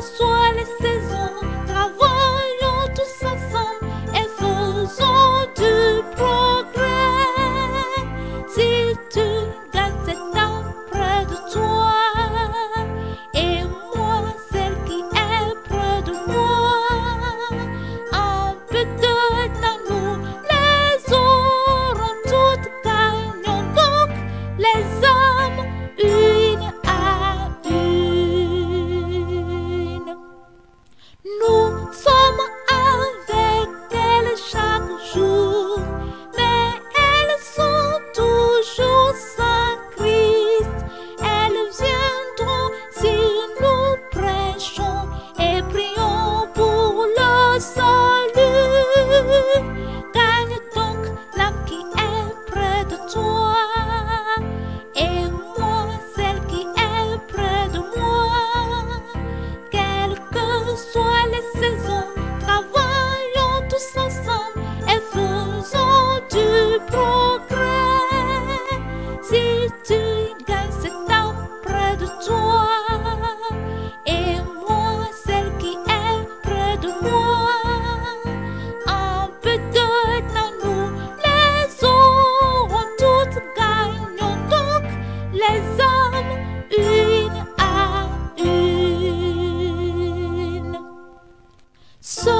suele So